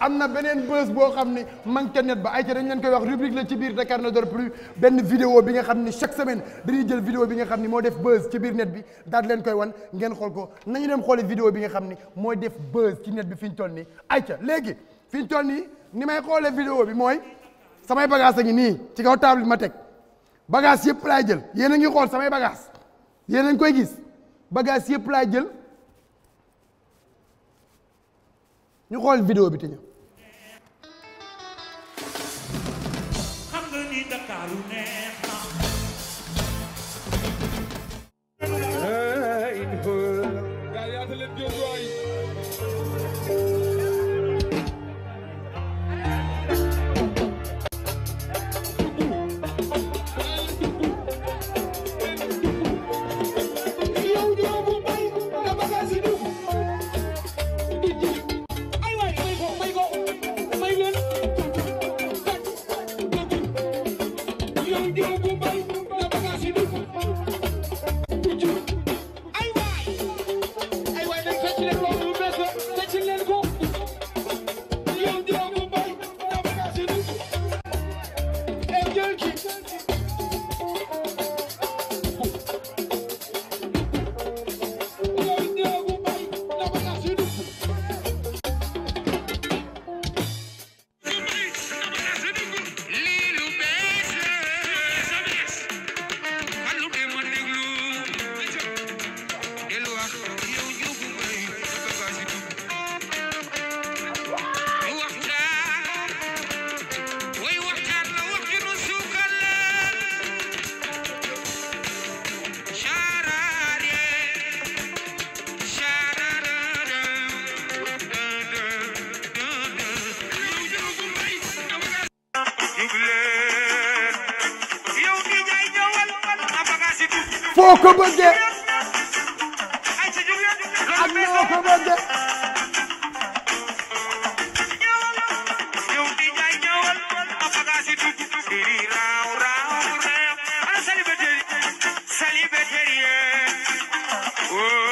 am na beneen bës boo xam ne man ca net ba ay ca dañ leen koy wax rubrique la ci biir Dakar ne dort plus benn vidéo bi nga xam ne chaque semaine dañuy jël vidéo bi nga xam ne moo def bës ci biir net bi daal leen koy wan ngeen xool ko nañu dem bi nga xam ne mooy def net bi fi ñu toll nii ay ca léegi fi ñu toll ni may xoolee vidéo bi mooy samay bagage a ngi nii ci kaw table bi ma teg bagage yëpp laay jël yéen a ngi xool samay bagage yéen a koy gis bagage yëpp laay jël ñu xool vidéo bi te ñu gel ki. foo ko bëggee ak noo ko bëggee Celebratory, celebratory, oh.